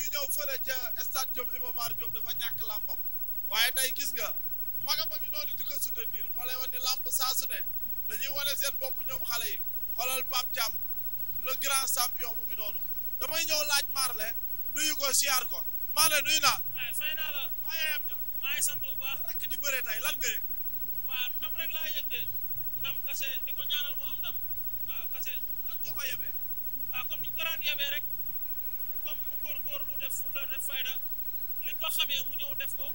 muy ñëw fële ca stade Diop Iba Mar Diop dafa ñàkk làmbam waaye tey gis nga magam a ngi noonu di ko soutenir moo lay wan ni làmb saa su ne dañuy wane seen bopp ñoom xale yi xoolal Pape Thiam le grand champion mu ngi noonu damay ñëw laaj Marle nuyu ko siyaar ko Marle nuyu naa. waaye fay naa la. waaye yam jàmm. maa ngi sant bu baax. rek di bëree tey lan nga yëg. waaw ndam rek laa yëg de ndam kase di ko ñaanal mu ndam waaw kase. lan nga ko yebee. waaw comme ni ko daan góorgóorlu def fulla def fayda li ko xamee mu ñëw def ko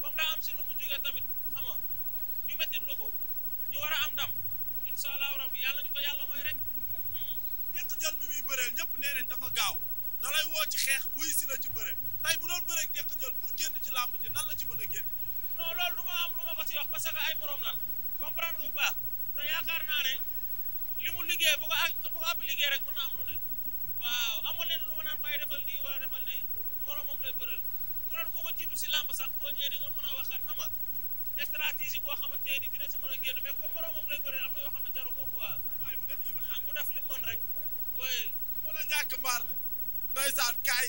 comme daa am si lu mu jógee tamit xam nga ñu lu ko ñu war a am ndam incha allahu rabbi yàlla ñu ko yàlla mooy rek hmm. déq jël bi muy bëree ñëpp nee dafa gaaw da woo ci xeex wuy si la ci bëre tey bu doon bëree déq jël pour génn ci làmb ji nan la ci mën a génn non loolu du am lu ma ko si wax parce que ay morom lan comprendre nga bu baax da yaakaar naa ne li mu liggéey bu ko bu ko ab liggéey rek mën waaw amoon leen lu ma naan ko ay defal nii wala ne moromam lay bëral bu doon koo ko jiitu si làmb sax boo ñëwee di nga mën a nga stratégie boo xamante ni a yoo xam ne jaru ko quoi ah, mu def li mën rek oui mën a ñàkk mbaar ndeysaan kaay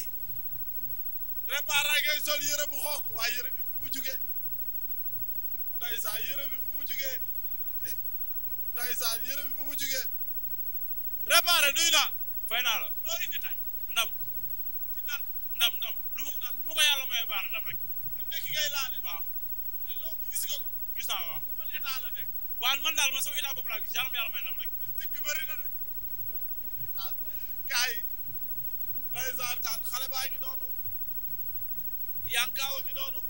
réparé ngay sol yëre bu xonq waaye yëre bi fu mu jugee ndeysaan bi fu mu jugee ndeysaan yëre bi fu mu jugee réparé nuyu naa fay naa la loo indi tay ndam ndam ndam lu mu lu mu ko yàlla may baax na ndam rek am ngay laale waaw gis man état la nekk waaw man daal man sama état boobu laa gis yàlla ma yàlla may ndam rek mystique bi bëri kaan xale baa ngi noonu yankaaw ngi noonu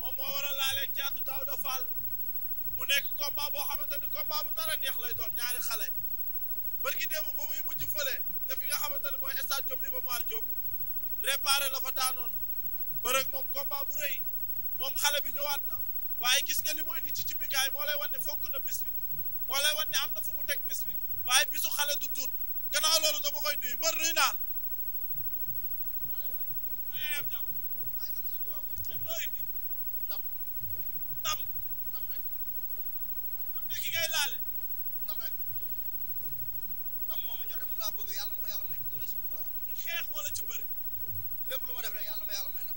moom moo war a laalee caatu Daouda Fall mu nekk combat boo xamante ni combat bu nar neex lay doon ñaari xale bërki démb ba muy mujj fële te fi nga xamante ne mooy stade Diop Iba Mar Diop réparé la fa daanoon bërëg moom combat bu rëy moom xale bi ñëwaat na waaye gis nga li mu indi ci cimikaay moo lay wan ne fonk na bis bi moo lay wan am na fu mu teg bis bi waaye bisu xale du tuut gannaaw loolu dama koy nuyu mbër nuy naan ndam ndam rek am na ki ngay laale laa bëgg yàlla ma ko yàlla may doole si pouvoir ci xeex wala ci bëri lépp lu ma def rek yàlla ma yàlla may na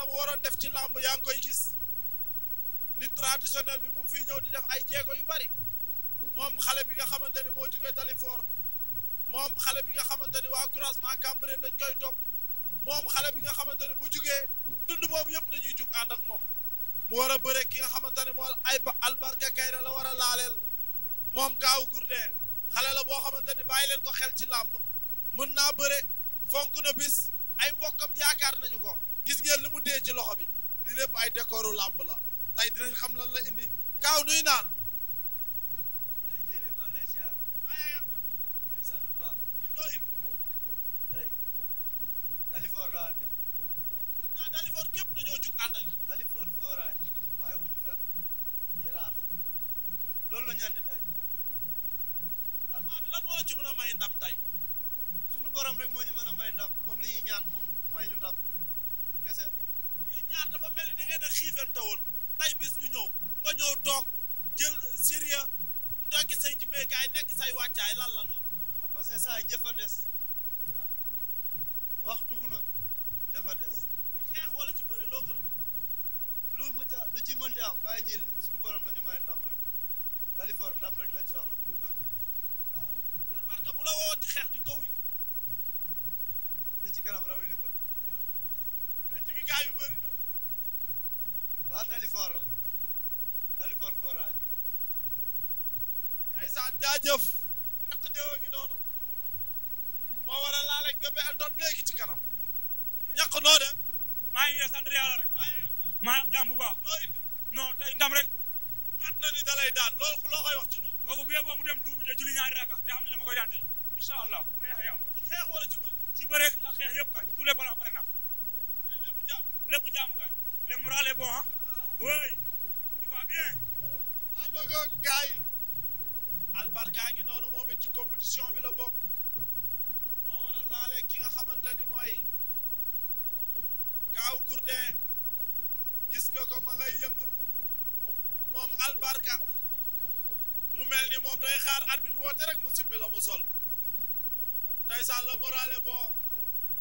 la mu waroon def ci làmb yaa ngi koy gis li traditionnel bi mu ngi ñëw di def ay jéego yu bari moom xale bi nga xamante ni moo jugee Dalifort moom xale bi nga xamante ni waa croisement Cambérène dañ koy topp moom xale bi nga xamante ni bu jugee dund boobu yëpp dañuy jug ànd ak moom mu war a bëre ki nga xamante ni moo ay albarka kayre la war a laaleel moom Kaaw Gourdin xale la boo xamante ni bàyyi leen ko xel ci làmb mën naa bëre fonk na bis ay mbokkam yaakaar nañu ko gis ngeen li mu dee ci loxo bi li lépp ay décoru làmb la tey dinañ xam lan la indi kaaw nuy naan Dalifor laa amee. ah Dalifor képp dañoo jug ànd ak. Dalifor fooraay waaye wuñu fenn yaraax loolu la ñu andi tey. ah lan moo la ci mën may ndam tey. sunu borom rek moo ñu mën a may ndam moom la ñuy ñaan moom may ñu ndam. kese ñaar dafa mel ni da ngeen a xiifante woon tey bis bi ñëw nga ñëw toog jël sérieux ndokki say jubbeekaay nekk say wàccaay ay la loolu ah, parce que saa jëf a des wax tuxu jëf a des xeex wala ci bëre loo gën lu mu ca lu ci mënti am bàyyi jëli suñu borom lañu ñu may ndam rek Dalifort ndam rek lañ soxla pour que waaw parce bu la woowoon ci xeex di nga wuy li ci kanam rawali ba certificat yu bëri na waa Dalifort Dalifort forage ndeysaan jaajëf raq déwa ngi noonu moo war a laal ak bébé el doon léegi ci kanam ñaq noo de maa ngi sant yàlla rek maa ngi am jàmm bu baax loo indi non tey ndam rek at na ni dalay daan lool loo koy wax ci loolu kooku bee boobu dem tuubi te julli ñaari raka te xam ne dama koy daan tey incha allah bu neexee yàlla ci xeex wala ci bëri ci bëri la xeex yëpp kay tous les balaa pare naa lépp jàmm kay le moral est bon ah oui tu bien. maa bëgg a gaay albarka ngi noonu moom it compétition bi la bokk war a laale ki nga xamante ni mooy Kaaw Gourdin gis nga ko ma ngay yëngu moom albarka mu mel ni moom day xaar arbitre woote rek mu simmi la mu sol ndeysaan le moral est bon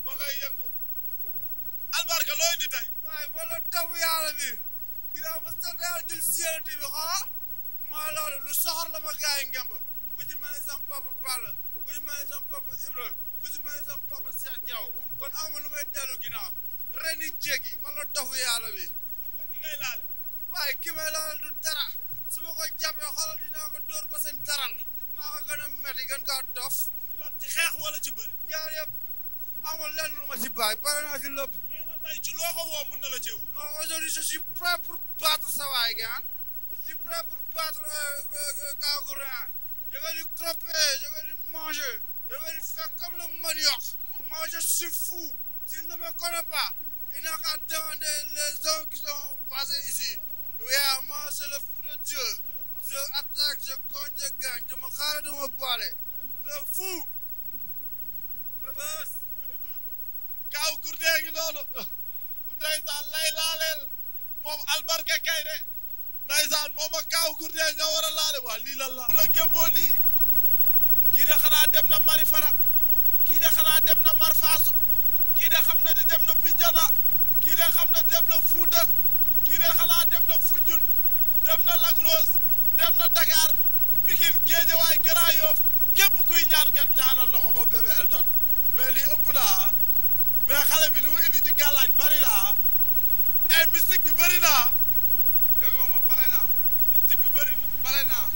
ma ngay yëngu. barka loo indi tey waaye moo la taw yàlla bi ginnaaw ba sant yàlla jul siyanti bi xoo ah, mooy loolu lu soxor la ma gars yi ku ci mel ni sama papa ku ci mel ni sama papa Ibrahima ku ci mel ni sama papa Cheikh kon amu lu may dellu ginnaaw reni jéggi man la taw yàlla bi ki ma ko jàppee xoolal dinaa ko ko dof ci xeex wala ci bëri. jaar yëpp amul lenn lu ma si bàyyi pare naa si lépp tey ci loo ko woo la ceew. je suis prêt pour battre sa waay gi je suis prêt pour battre euh, euh, Kagoura. je vais lui cropper je vais lui manger je vais lui faire comme le manioc. moi je suis fou. s'il ne me connaît pas. il n'a qu'à demander les hommes qui sont passés ici. oui moi c'est le fou de Dieu. je attaque je compte je gagne dama xaare dama baale. le fou. Rebeus. Kaw Gourdin ngi ndeysaan lay laaleel moom albarka kay de ndeysaan moom ak kaaw gurdee ñoo war a laale waa lii lan la la gémboo lii kii de xanaa dem na mari fara kii de xanaa dem na mar faasu xam na dem na kii de xam na dem Fuuta kii xanaa dem na Foundiougne dem na Lac dem na Dakar Pikine Guédiawaye Grand Yoff kuy ñaan kat ñaanal na ko moom bébé Elton mais lii ëpp naa ah. mais xale bi li mu indi ci gàllaaj bari naa ay eh, bi bari naa déggoo ma pare bi bari pare naa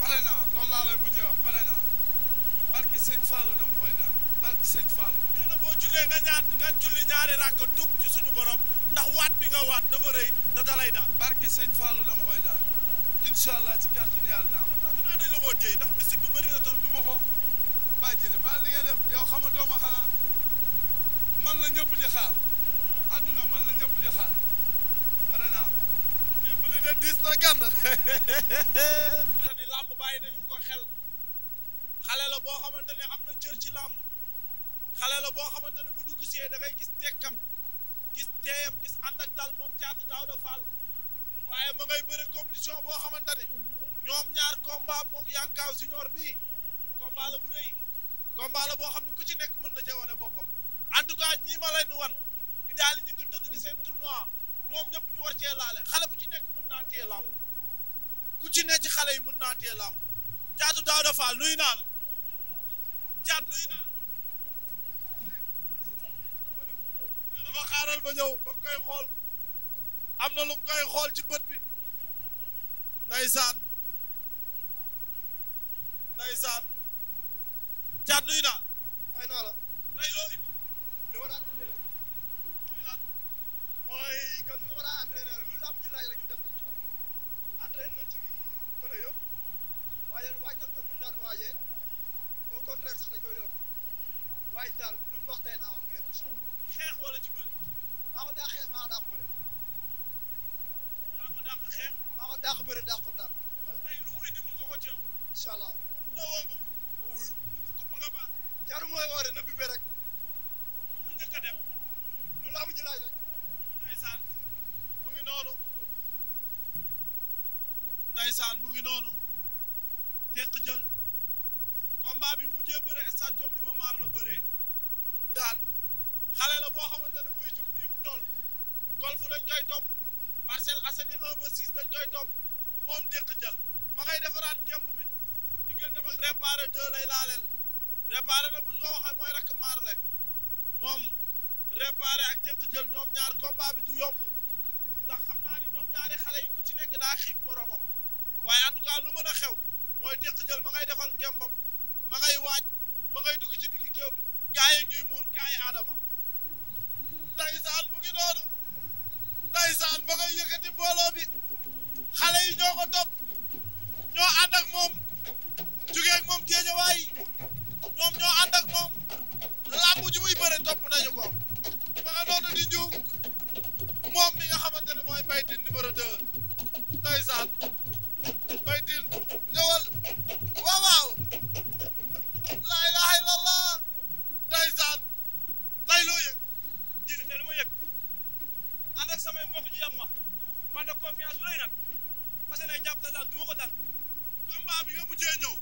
pare naa loolu laa lay mujjee wax pare sëñ Fallou dama koy daan barki sëñ Fallou nee na boo jullee ci suñu borom ndax waat bi nga waat dafa rëy te dalay sëñ Fallou dama koy daan incha allah ci kàttan yàlla naa ko daan xanaa dañ ko bàyyi mën la ñëpp di xaar adduna man la ñëpp di xaar pare naa yëpp li de diis na gànn ni làmb bàyyi nañu ko xel xale la boo xamante ne am na cër ci làmb xale la boo xamante ne bu dugg si da ngay gis tekkam gis teeyam gis ànd ak dal moom caatu daaw da faal waaye ma ngay bëre compétition boo xamante ne ñoom ñaar combat moog yankaaw junior bii combat la bu rëy combat boo xam ne ku ci nekk mën na ca wane boppam en tout cas ñi ma wan bi daal ñu ngi tëdd di seen tournoi ñoom ñëpp ñu war cee laale xale bu ci nekk mën naa téye làmb ku ci ne ci xale yi mën naa téye làmb caatu daaw dafaal nuyu naa la caat nuyu naa la dafa xaaral ba xool am na lu xool ci bët bi li war a entraîner muy lan mooy lu làmb ji laaj rek ñu def waaye waaj nañ ko ñu daan waajee au contraire lu mu wax tey naa wax ngeen lu mu indi mën nga ko mooy woore na bibé njëkk a dem lu mu ngi noonu déq mu ngi jël combat bi mujjee bëre stade Diop Iba Mar la bëree daan xale la boo xamante ne muy jug nii mu toll golf dañ koy topp Parcelles Assainies 1 ba 6 dañ koy topp moom teq jël ma ngay defaraat ngemb bi diggante mag réparé deux lay laaleel réparé na bu ñu mooy rek maar le moom réparé ak tekk jël ñoom ñaar combat bi du yomb ndax xam naa ñoom ñaari xale yi ku ci nekk daa xiif moroomam waaye en tout cas a xew mooy tekk jël ma ngay defal ngembam ma ngay waaj ma ngay dugg ci digg géew bi gaa yi muur gaa yi aadama ndeysaan mu ngi noonu ndeysaan ma ngay yëkkati mbooloo bi xale yi ñoo ko topp ñoo moom jugee ak moom ñoom ñoo ànd moom làmb ji muy bëre topp nañu ko ma nga noonu di njuug moom mi nga xamante ne mooy Mbaye Tine numéro 2 ndeysaan Mbaye Tine ñëwal waaw waaw laa ilaha illallah ndeysaan tey loo yëg ji li tey lu ma yëg ànd ak samay mbokk ñu yàpp ma man de confiance bu rëy nag parce que nay jàpp daal du ma ko daan combat bi nga mujjee ñëw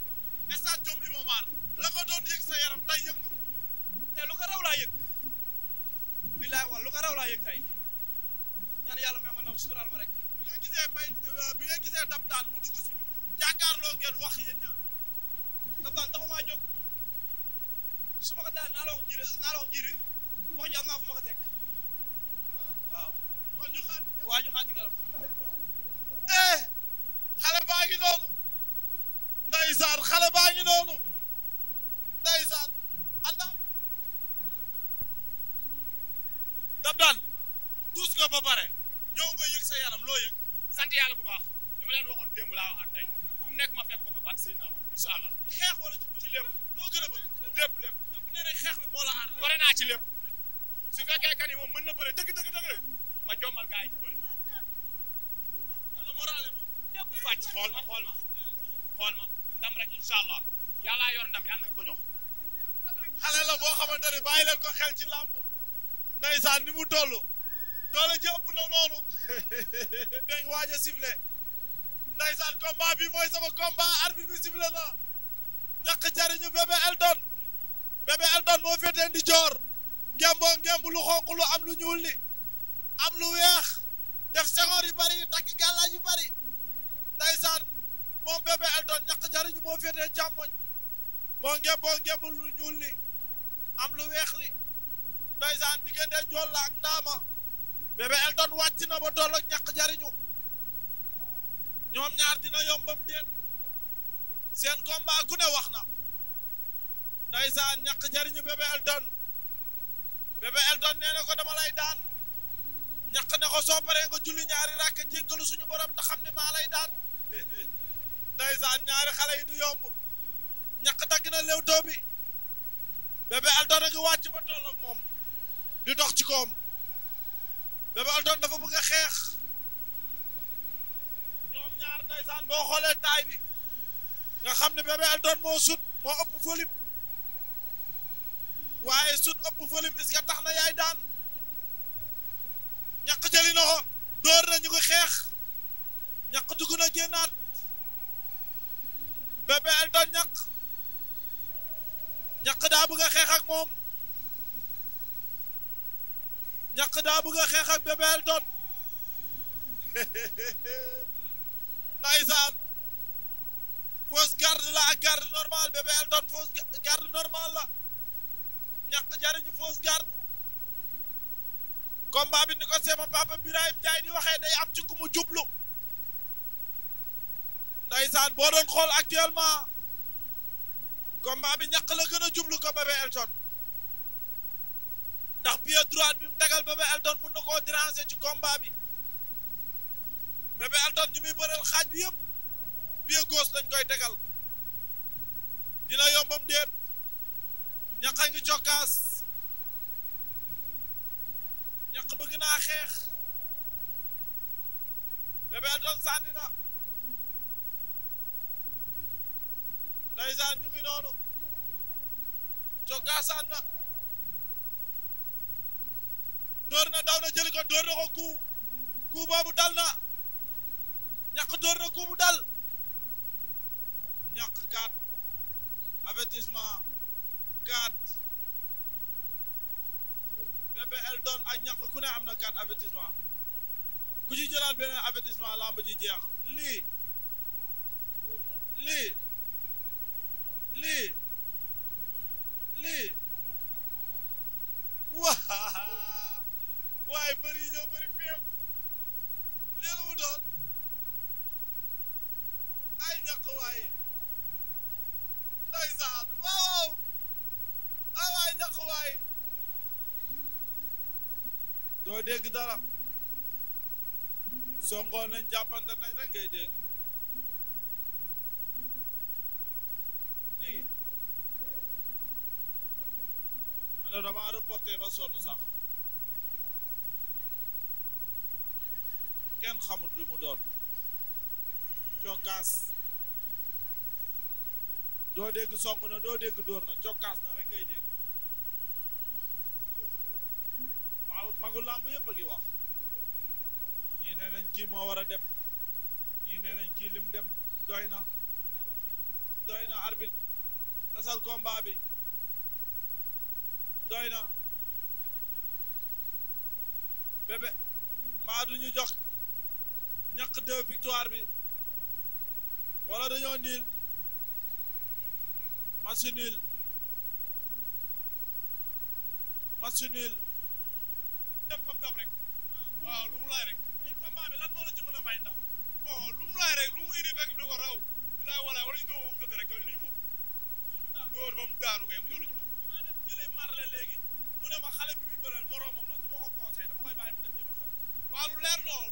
stade Diop Iba Mar la ko doon yëg sa yaram tey yëg tey lu ko raw laa lu ko raw laa yëg tey ñaan yàlla may ma bi nga gisee bay bi nga gisee dab daan mu dugg si jàkkaarloo ngeen wax dab daan taxumaa jóg su daan naa la jiri naa la jiri wax ji am naa fu ma ko teg waaw kon ñu xaar waa ñu xaar ci dab daan tuus nga ba pare ñëw nga yëg sa yaram loo yëg sant yàlla bu baax li ma leen waxoon démb laa waxaat tey fu mu nekk ma fekk ko fa barke Seydina Amar incha allah xeex wala ci ci lépp loo gën a bëgg lépp lépp lépp nee na xeex bi moo la aar naa ci lépp su fekkee kan yi moom mën na bëre dëgg dëgg dëgg ma jommal gars yi ci bëri wala morale moom lépp fàcc xool ma xool ma xool ma ndam rek incha allah yàllaa ndam yàlla nañ ko jox la boo xamante ne leen ko xel ci làmb ndeysaan ni mu toll doole ji ëpp na noonu dañ waaj a sifle ndeysaan combat bi mooy sama combat arbitre bi sifle na ñàkk jariñu bébé Elton bébé Elton moo féetee di joor ngemboo ngemb lu xonq lu am lu ñuul li am lu weex def sengoor yu bari takk gàllaaj yu bari ndeysaan moom bébé Elton ñàkk jariñu moo féetee càmmoñ moo ngemboo ngemb lu ñuul li am lu weex li ndeysaan diggante njool la ak ndaama bébé Elton wàcc na ba toll ak ñàkk jariñu ñoom ñaar dina yombam déet seen combat gu ne wax na ndeysaan ñàkk jariñu bébé Elton bébé Elton nee na ko dama lay daan ñàkk ne ko soo paree nga julli ñaari ràkk jéggalu suñu borom te xam ne maa lay daan ndeysaan ñaari xale yi du yomb ñàkk dagg na léwtoo bi bébé Elton a ngi wàcc ba toll moom di dox ci koom Bébé Elton dafa bëgg a xeex ñoom ñaar ndeysaan boo xoolee taay bi nga xam ne Bébé Elton moo sut moo ëpp volume waaye sut ëpp volume est tax na yaay daan ñaq jëli na ko dóor na ñu ko xeex ñaq dugg na génnaat Bébé Elton ñaq ñaq daa bëgg a xeex ak moom bëgg xeex ak Bébé Elton ndaysaan fausse garde la ak garde normale Bébé Elton fausse garde normale la ñàkk jariñu fausse garde combat bi ni ko seema papa Birahim Ndiaye di waxee day am ci ku mu jublu ndaysaan boo doon xool actuellement combat bi ñàkk la gën a jublu ko Bébé Elton ndax pied droit bi mu tegal Bébé Elton mun na koo déranger ci combat bi Bébé Elton ñu muy bëreel xaaj bi yëpp pied gauche lañ koy tegal dina yombam déet ñaq a ngi cokkaas ñaq bëgg naa xeex Bébé Elton sànni na ndeysaan ñu ngi noonu cokkaasaan na dóor na daw na jëli ko dóor na ko kuu kuu boobu bu dal ñàkk kaat avertissement kaat Bébé Elton ak ñàkk ku ne am na kaat avertissement ku ci jëlaat beneen avertissement làmb ji jeex lii lii lii waa waaye bëri yi ñëw bëri féem lii la mu doon ay ñàkk waay ndeysaan waaw waaw ay waay ñàkk waay doo dégg dara songoon nañ jàppante nañ rek ngay dégg lii man damaa reporté ba sonn kenn xamut lu mu doon cokkaas doo dégg song na doo dégg dóor na cokkaas na rek ngay dégg waaw magu làmb yépp a ngi wax ñii nee nañ kii moo war a dem ñii nee nañ kii lim dem doy na doy na arbitre tasal combat bi doy na bébé maa du ñu ñàkk deux victoire bi wala dañoo niil match nul match nul def comme daf rek lu mu lay rek combat bi lan moo la ci mën a may ndax bon lu mu lay mu indi bi di ko raw bilaay walaay mu rek jox ñu moom mu daanu kay mu jox ñu moom damaa dem jëlee marle léegi mu ne ma xale bi muy bëreel moroomam la du ma ko conseillé dama koy mu def yëpp lu leer lool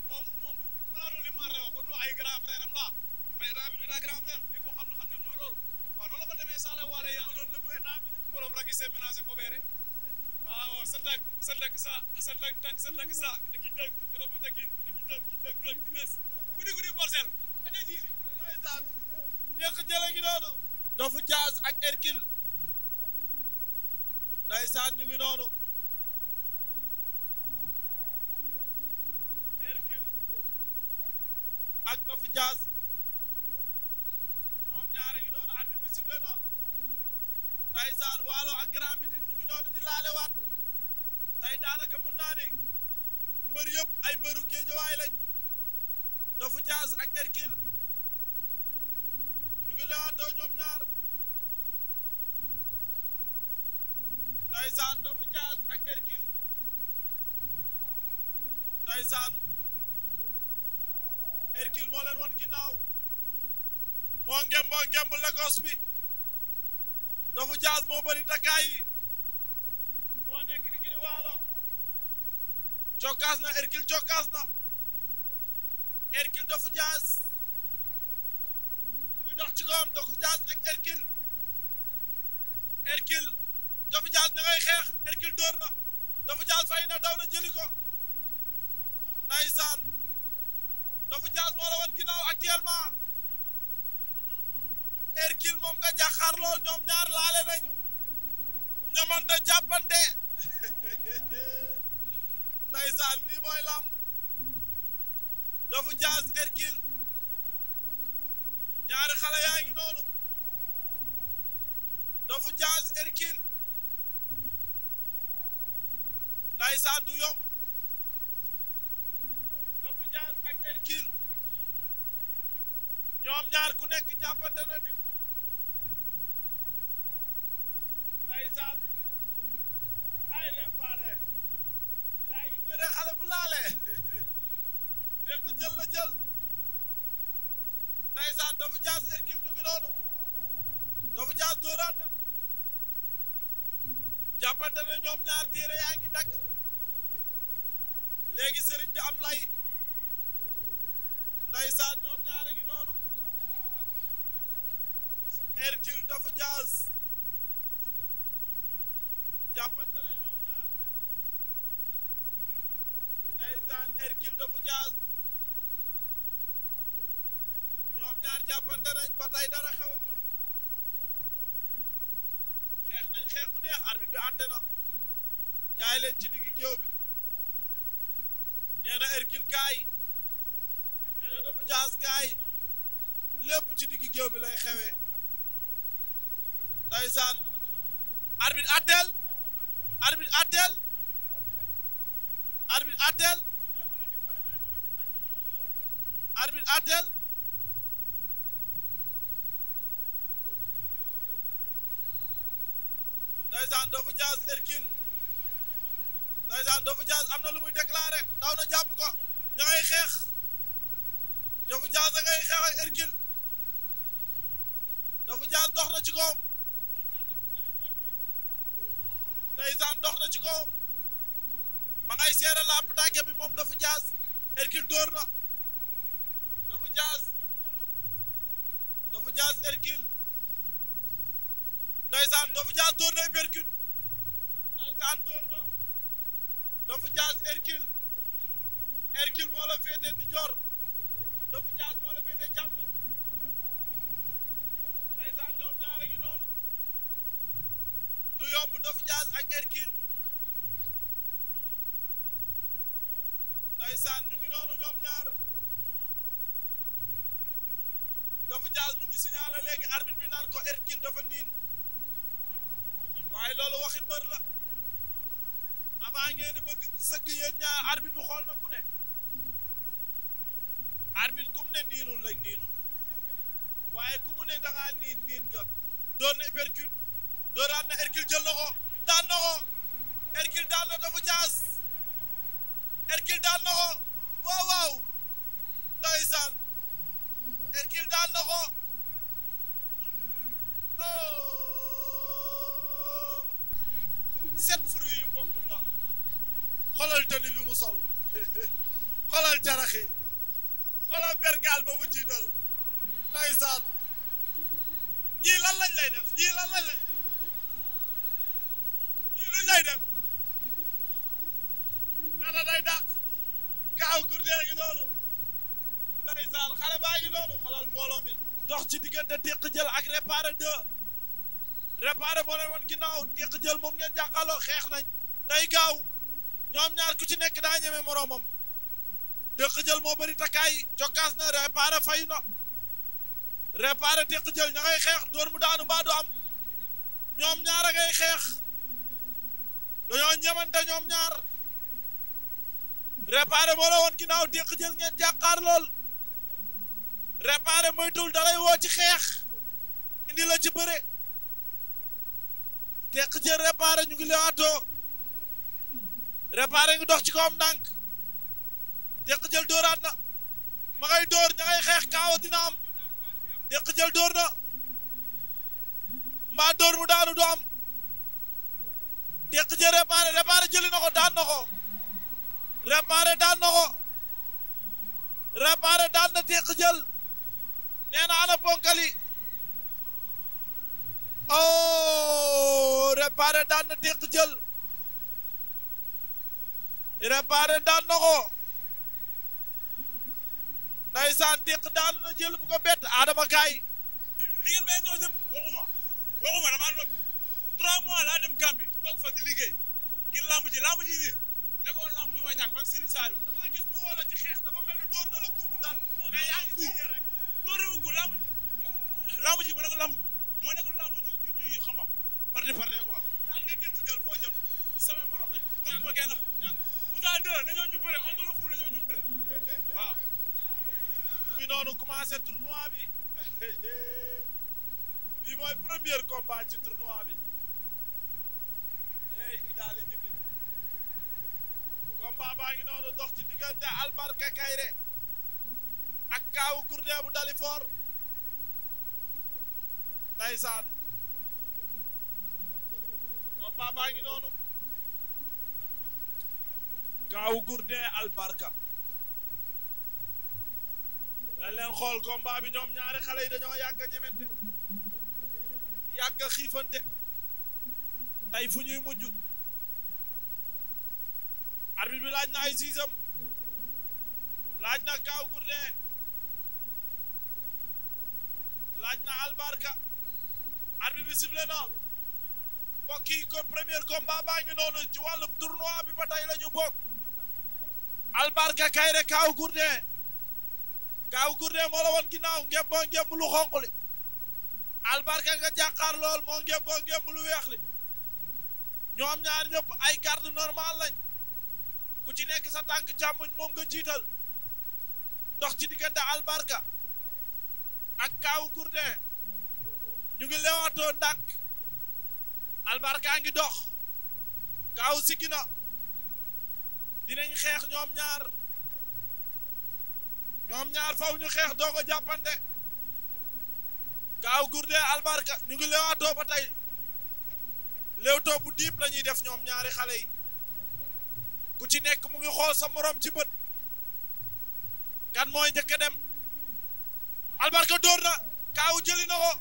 dofu Diaz ak Hercule ndeysaan ñu ngi noonu ak Dofi Diaz ñoom ñaari ngi noonu arbitre bi sifflé na ndeysaan waalo ak grand bi ñu ngi noonu di laalewaat tey daanaka mun naa mbër yëpp ay mbëru géejawaay lañ Dofi Diaz ak Hercule ñu ngi lewaatoo ñoom ñaar ndeysaan Dofi Diaz ak Hercule ndeysaan Hercule moo leen wan ginnaaw moo ngemboo ngemb Lagos bi Dofu Jazz moo bëri takkaay yi moo nekk ikiri waalo cokkaas na Hercule cokkaas na Hercule Dofu Jazz mu dox ci koom Dofu Jazz ak Hercule Hercule Dofu Jazz na ngay xeex Hercule dóor Dofu Jazz fay na daw na jëli ko Doffou Diaz moo la woon ginnaaw actuellement Hercule moom nga jàkkaar lool ñoom ñaar laale nañu ñamante jàppante ndeysaan nii mooy làmb Doffou Diaz Hercule ñaari xale yaa ngi noonu Doffou Diaz Hercule ndeysaan du yomb ñaar ku nekk jàppante na déglu ndeysaan ay réparé yaa ngi bëre xale bu laale dëkk jël la jël ndeysaan dafa jaas équipe ñu ngi noonu dafa jaas dóoraat na ñoom ñaar téere yaa ngi dagg léegi sëriñ bi am lay ndeysaan ñoom ñaar a ngi noonu Hercule dafa jaas jàppante ne ñoom ñaar ndeysaan Hercule dafa jaas ñoom ñaar jàppante nañ ba tey dara xewagul xeex nañ xeex bu neex arbitre bi àtte na kaay leen ci digg géew bi na Hercule kaay nee na dafa jaas kaay lépp ci digg géew bi lay xewee ndeysaan arbitre atteel arbitre atel arbitre atteel arbitre atteel ndeysaan Doffou Diaz Hercule ndeysaan Doffou Diaz am na lu muy déclaré daw na jàpp ko ña xeex Doffou Diaz a ngay xeex ak Hercule Doffou Diaz dox na ci koom ndeysaan dox na ci kaw ma ngay seera làpp tànke bi moom dafa jaas Hercule dóor na dafa jaas dafa jaas Hercule ndeysaan dafa jaas dóor na Hercule ndeysaan dóor na dafa jaas Hercule Hercule moo la féete di jor dafa jaas moo la féete càmm ndeysaan ñoom ñaar a lu yomb Dof Diaz ak Hercule ndeysaan ñu ngi noonu ñoom ñaar Dof Diaz mu ngi signalé léegi arbitre bi naan ko Hercule dafa niin waaye loolu waxi mbër la avant ngeen bëgg sëgg yéen ñaar arbitre bi xool na ku ne arbitre ku mu ne niinul lañ niinul waaye ku ne da niin niin nga doon na uppercut dooraat na Hercule daan na ko Hercule daan na Dofu Jaas Hercule daan na daan na ko oh set fruits yu bokkul la xoolal tenue bi mu sol bergal ba mu jiital ndeysaan lañ lañ lu lay def nata day dàq kaaw gurdee ngi noonu ndeysaan xale baa ngi noonu xoolal mbooloo mi dox ci diggante téq jël ak réparé deux réparé moo leen woon jël moom ngeen jàqaloo xeex nañ day gaaw ñoom ñaar ku ci nekk daa ñeme moroomam téq jël moo bari takkaay jokkaas na réparé fayu na réparé téq jël ña xeex dóor mu daanu mbaa am ñoom ñaar a xeex dañoo ñamante ñoom ñaar réparé moo la woon ginnaaw déq jël ngeen jàkkaar lool réparé moytuwul dalay woo ci xeex indi la ci bëre déq jël réparé ñu ngi lewaatoo réparé ngi ci kawam ndànk déq jël dóoraat na ma ngay dóor ña ngay xeex kaawa dina am déq jël dóor na mbaa dóor mu daanu du teq ja réparé réparé jëli na ko daan na ko réparé daan na ko réparé daan na teq jël nee oh, daan na teq jël réparé daan na ko ndaysaan teq daan na jël bu ko Adama kaay trois mois laa dem Gambie toog fa di liggéey ngir lamb ji lamb ji nii nekkoon lamb ji ma ñàkk ba Serigne Saliou dama la gis mu woo la ci xeex dafa mel ni dóor na la kuubu daal mais yaa ngi kuub dóor na ko lamb ji lamb ji ma nekkul lamb ma nekkul lamb ji ñuy xama parti parti quoi daal nga dëkk jël foo jëm sama morom rek dëgg ma kenn Moussa Deo nañoo ñu bëre on dirait fu nañoo ñu bëre waaw bi noonu commencé tournoi bi bi mooy premier combat ci tournoi bi ey idaali jibril combat baa ngi noonu dox ci diggante albarka kayre ak kaawu gourdin bu dalifoor ndaysaan combat baa ngi noonu kaawu gourdin albarka dañ leen xool combat bi ñoom ñaari xale yi dañoo yàgg ñemente yàgg xiifante tey fu bi laaj na ay siisam laaj na Kaaw Gourdin laaj na Albarka arbitre bi sifflé na mbokk yi ko premier combat baa ngi noonu ci wàllum tournoi bi ba tey la ñu bokk Albarka Kaïré Kaaw Gourdin Kaaw Gourdin moo la woon ginnaaw ngem boo lu xonq li Albarka nga lool moo ngem boo lu weex li ñoom ñaar ñëpp ay garde normal lañ ku ci nekk sa tànk càmmoñ moom nga jiital dox ci diggante albarka ak kaaw gourdin ñu ngi lewaatoo ndànk albarka ngi dox kaaw siggi na dinañ xeex ñoom ñaar ñoom ñaar faw ñu xeex doo ko jàppante kaaw gourdin albarka ñu ngi lewaatoo ba tey léewtoo bu diib la def ñoom ñaari xale yi ku ci nekk mu ngi xool sa morom ci bët kan mooy njëkk dem albarka dóor na kaaw jëli na ko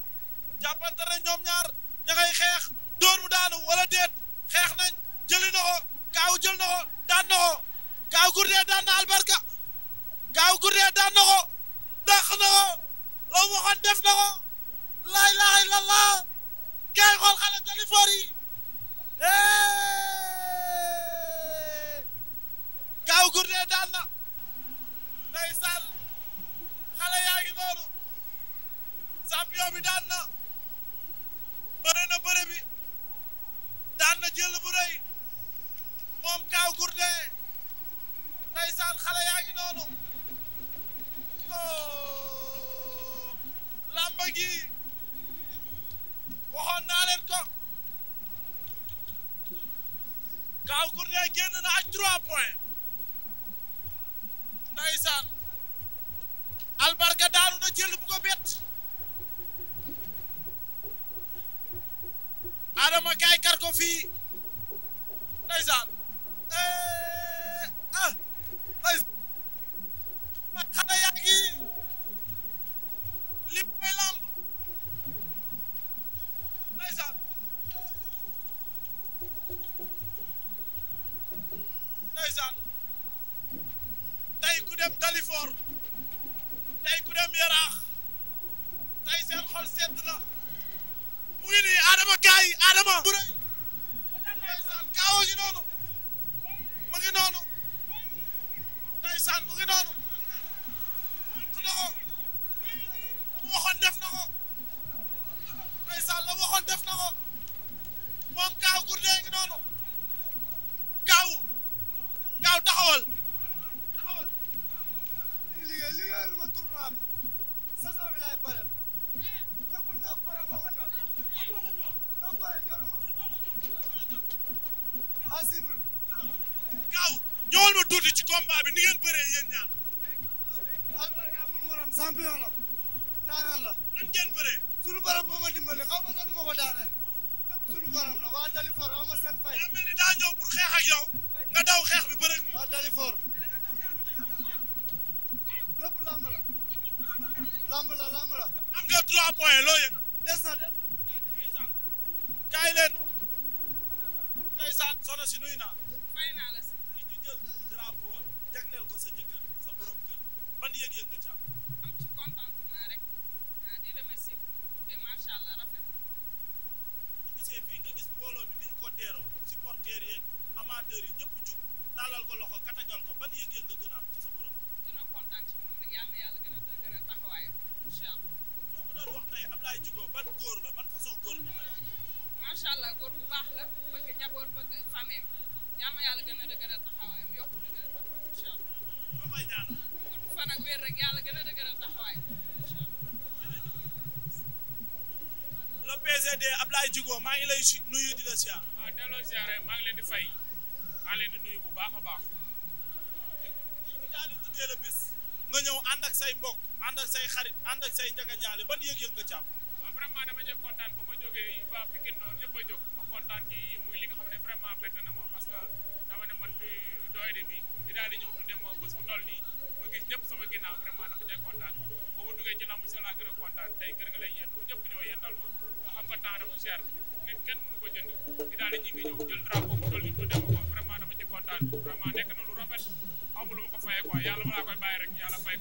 jàppante na ñoom ñaar ña xeex dóor mu daanu wala déet xeex nañ jëli na ko kaaw jël na ko daan na ko kaaw gurdee daan na albarka kaaw gurdee daan def na ko laay laay la xool xale Dalifort yi Kaw Gourdin daan na ndeysaan xale yaa ngi noonu champion bi daan na bëre na bëre bi daan na jël bu rëy moom Kaw Gourdin ndeysaan yaa ngi noonu oh! lamba gi trois points ñëwal ma tuuti ci combat bi ni ngeen bëree ñaar. Albarka la daanaan la. nan ngeen moo ma dimbali xaw ma sax ma ko daane. lépp sunu borom la waa Dalifor aw ma seen fay. daa mel ni daa ñëw pour nga daw xeex bi bëre. waa Dalifor lépp lamb la. lamb am nga trois points loo yëg. leen. jël drapeau jagleel ko sa jëkkër sa borom kër ban yëg-yëg nga ci am. am ci contentement rek ah, di remercier de macha allah rafet. bu gisee fii nga gis mbooloo bi ni ko teeroo supporters yeeg amateurs yi ñëpp jug tàllal ko loxo katagal ko ban yëg-yëg nga gën am ci sa borom gën a kontaan moom rek yal yàlla gën a dëgëral taxawaayam incha allah. soo ma doon wax tey Ablaye Djigo ban góor la ban façon góor la. macha allah góor bu le PCD Ablaye Djigo maa ngi lay nuyu di la siyaar. Ah, maa ngi leen di fay maa ngi leen di nuyu bu baax a baax. ñu daal di tuddee la nga ñëw ànd ak say mbok ànd ak say xarit ànd ak say njëkk ñaale ban yëg-yëg nga ci vraiment a jëf kontaan ba ma jógee ba Pikine Nord ñëpp a jóg ma kontaan ci muy li nga xam ne vraiment bett na ma parce dama ne ma bés kontaan ba ma duggee ci lamb si laa gën a kontaan tey kër ga lay ñëpp ñoo yendal ma nga xam nga temps dafa cher nit kenn ko jënd di daal di ñi ngi ñëw jël drapeau bu toll nii tudde ma ko vraiment dama ci kontaan vraiment nekk na lu amul ma ko fayee quoi yàlla ma koy bàyyi rek yàlla fay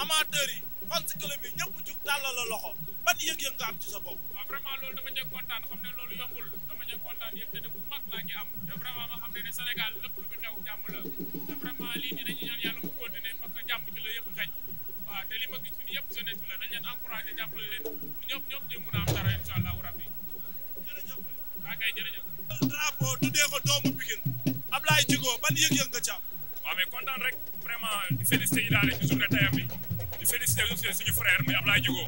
amateurs yi fans club yi ñëpp jug tàllal la loxo ban yëg-yëg nga am ci sa bopp. waaw vraiment loolu dama kontaan xam ne loolu yombul dama cee kontaan yëpp te bu mag laa ci am te vraiment ma xam ne ne Sénégal lépp lu fi xew la te li ma gis fi nii yëpp jeunesse bi la dañ leen encouragé jàppale leen pour ñëpp ñëpp di a rabbi jërëjëf waaw kay jërëjëf. drapeau tuddee ko doomu Pikine Ablaye Djigo ban yëg-yëg nga vraiment di félicité Idaly ci journée tayam bi di félicité aussi suñu frère muy Ablaye Diogo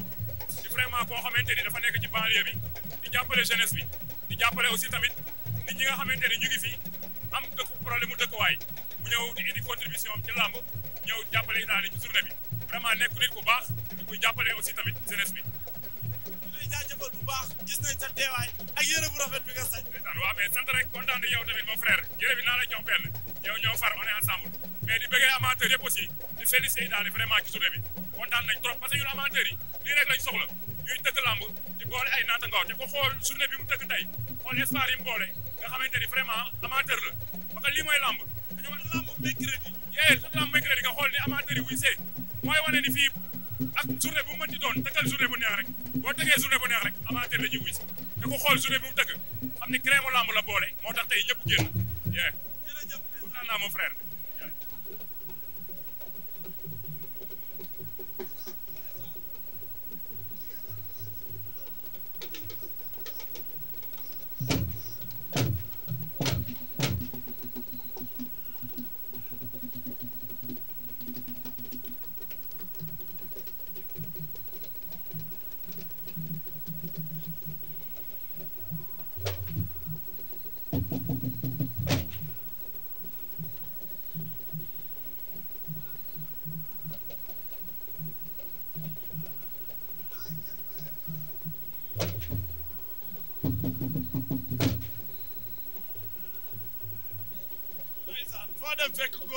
di vraiment koo xamante dafa nekk ci bi di jàppale jeunesse bi di jàppale aussi tamit nit ñi nga xamante ni ñu ngi fi am dëkku problème mu dëkkuwaay mu ñëw di indi contribution am ci làmb ñëw jàppale Idaly ci journée bi vraiment nekk nit ku baax di ko jàppale aussi tamit jeunesse bi. lay jaajëfal bu baax gis nañ sa teewaay ak yére bu rafet bi nga sañ. waaw mais sant rek kontaan yow tamit la jox benn yow ñoo far mais di bëggee amateurs yëpp aussi di félicité daal vraiment ci bi kontaan nañ trop parce que ñun lii rek lañ soxla ñuy tëgg lamb di boole ay naatangaaw te ko xool journée bi mu tëgg tey xool espoir yi boole nga xamante ni vraiment amateur la parce que lii mooy lamb dañu war lamb mercredi yee su lamb mercredi nga xool ni amateurs yi mooy wane ni fii ak journée bu mu mënti doon tëggal journée bu neex rek boo tëggee journée bu neex rek amateur la xool journée bi mu tëgg xam ni crème lamb la boole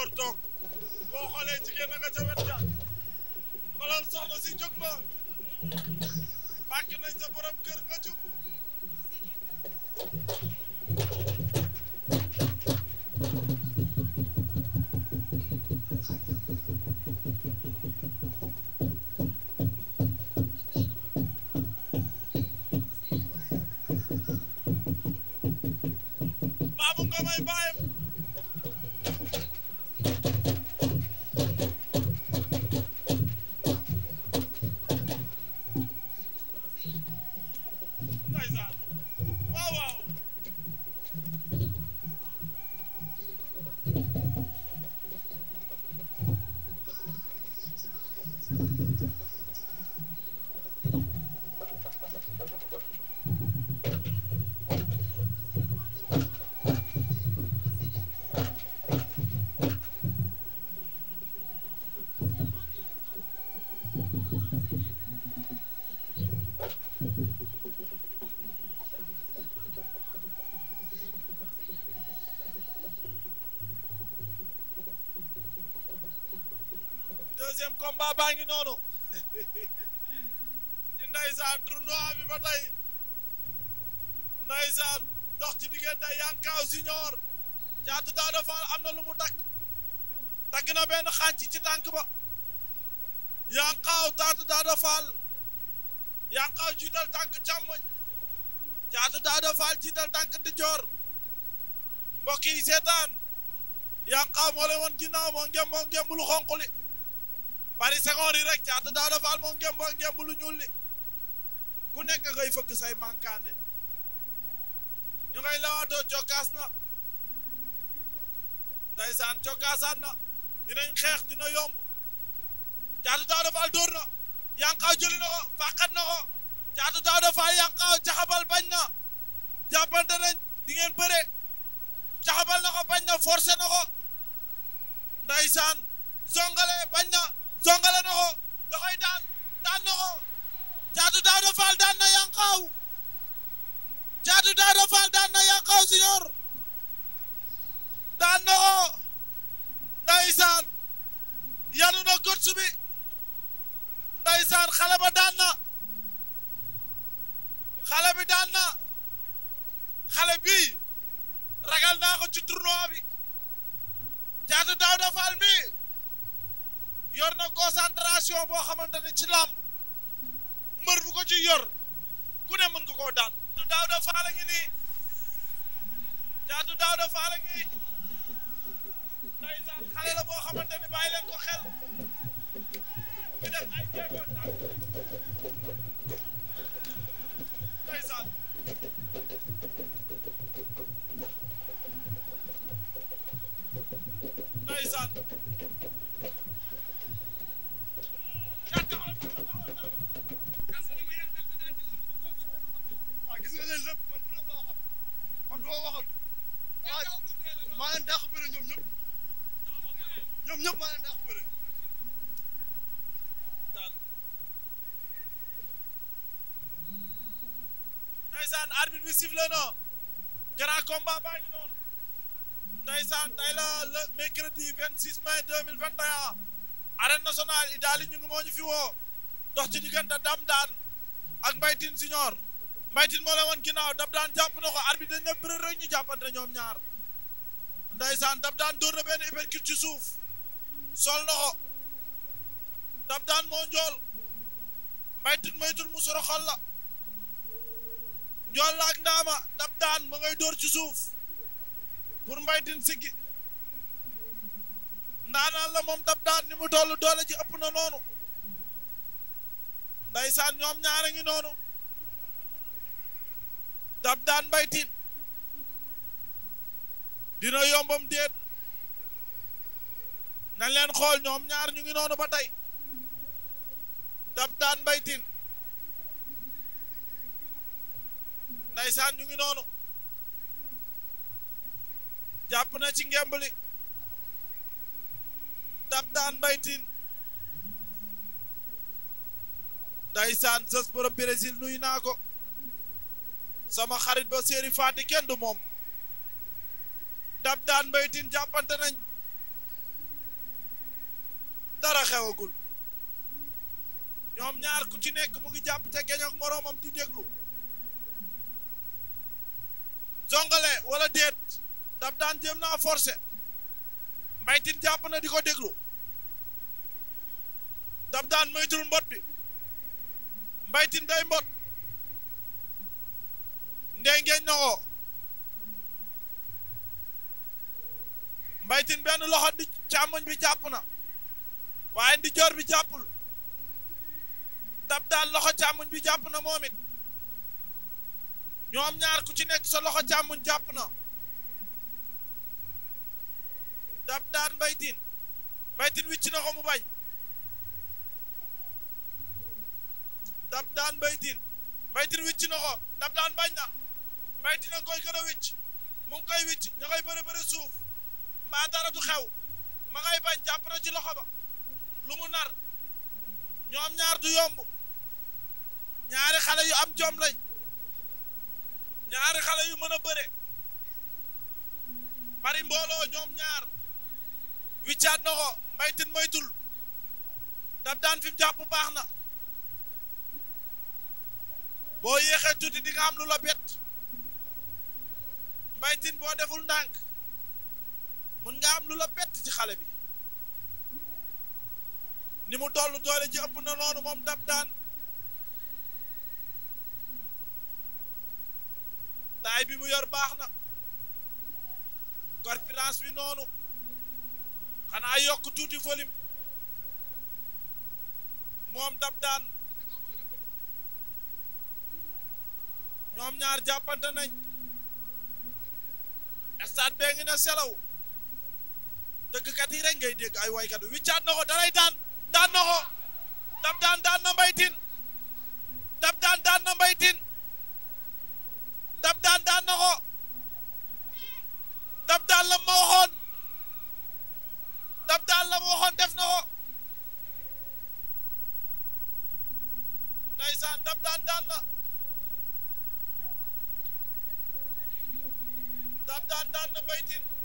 góor toog boo xoolee jigéen na nga ca ja xoolal soxna si jóg na bàkk nañ sa borom kër nga na lu mu dagg dagg na benn xànc ci tànk ba yanqaaw taatu daada faal yanqaaw jiital tànk càmmoñ taatu daada faal jiital tànk ndijoor mbokk yi seetaan yanqaaw moo leen woon ginnaaw moo ngem moo ngem lu xonq li bari seconde yi rek caatu daada faal moo ngem moo ngem lu ñuul li ku nekk ngay fëgg ñu ngay lawaatoo jokkaas na ndeysaan cokkaasaan na dinañ xeex dina yomb caatu Daouda Fall dóor na yanqaaw jëli na ko fàqat na ko caatu Daouda Fall yanqaaw caxabal bañ na jàppante nañ di ngeen bëre ko bañ na forcé na ko ndeysaan zongale bañ na bi sifflé na grand combat baa ngi noonu ndeysaan tey la le mercredi 26 mai 2021 ñu ngi moo ñu fi woo dox ci diggante Dame Dane ak Mbaye Tine Junior moo la woon ginnaaw Dame jàpp na ko arbitre dañ ne bëre rek ñu jàppante ñoom ñaar ndeysaan Dame Dane dóor na benn uppercut ci suuf sol na ko Dame Dane moo njool Mbaye Tine moytul mu la jolla ak ndaama dab daan ma ngay dóor ci suuf pour mbaytin Tine siggi ndaanaan la moom dab daan ni mu toll doole ci ëpp na noonu ndaysaan ñoom ñaara ngi noonu dab daan Mbaye dina yombam déet nañ leen xool ñoom ñaar ñu ngi noonu ba tey dab daan Mbaye ndaysaan ñu ngi noonu jàpp na ci ngemb li dab daan Mbaye Tine Brésil nuyu naa ko sama xarit ba séeri faati kenn du moom dab daan Mbaye Tine jàppante nañ dara ñoom ñaar ku ci nekk mu ngi jàpp ca geñoog moroomam di déglu zongale wala déet daf daan jéem naa forcé mbaytin jàpp na di ko déglu daf daan moytul mbot bi mbaytin day mbot ndey ngeen nangoo mbaytin benn loxo di càmmoñ bi jàpp na waaye di joor bi jàppul daf daan loxo càmmoñ bi jàpp na moom ñoom ñaar ku ci nekk sa loxo càmmuñ jàpp na dab daan mbaytin mbaytin wicc na ko mu bañ dab daan mbaytin mbaytin wicc na ko dab daan bañ na mbaytin a koy gën a wicc mu ngi koy wicc ña koy bëre bëre suuf mbaa dara du xew ma ngay bañ jàpp na ci loxo ba lu mu nar ñoom ñaar du yomb ñaari xale yu am jom lañ ñaari xale yu mën a bëre bari mbooloo ñoom ñaar wiccaat na ko mbaytin moytul daf daan fi jàpp baax na boo yéexee tuuti di nga am lu la bet mbaytin boo deful ndànk mun nga am lu la bett ci xale bi ni mu toll doole ci ëpp na noonu moom dab daan taay bi mu yor baax na corpulence bi noonu xanaa yokk tuuti volume moom dab daan ñoom ñaar jàppante nañ stade bee ngi ne selaw dëggkat yi rek ngay dégg ay waykat bi wiccaat na ko dalay daan daan na ko dab daan daan na mbaytin dab daan daan na mbaytin dab daan daan na ko dab daan la ma waxoon dab daan la ma waxoon def na ko ndaysaan dab daan daan na dab daan daan na Mbaye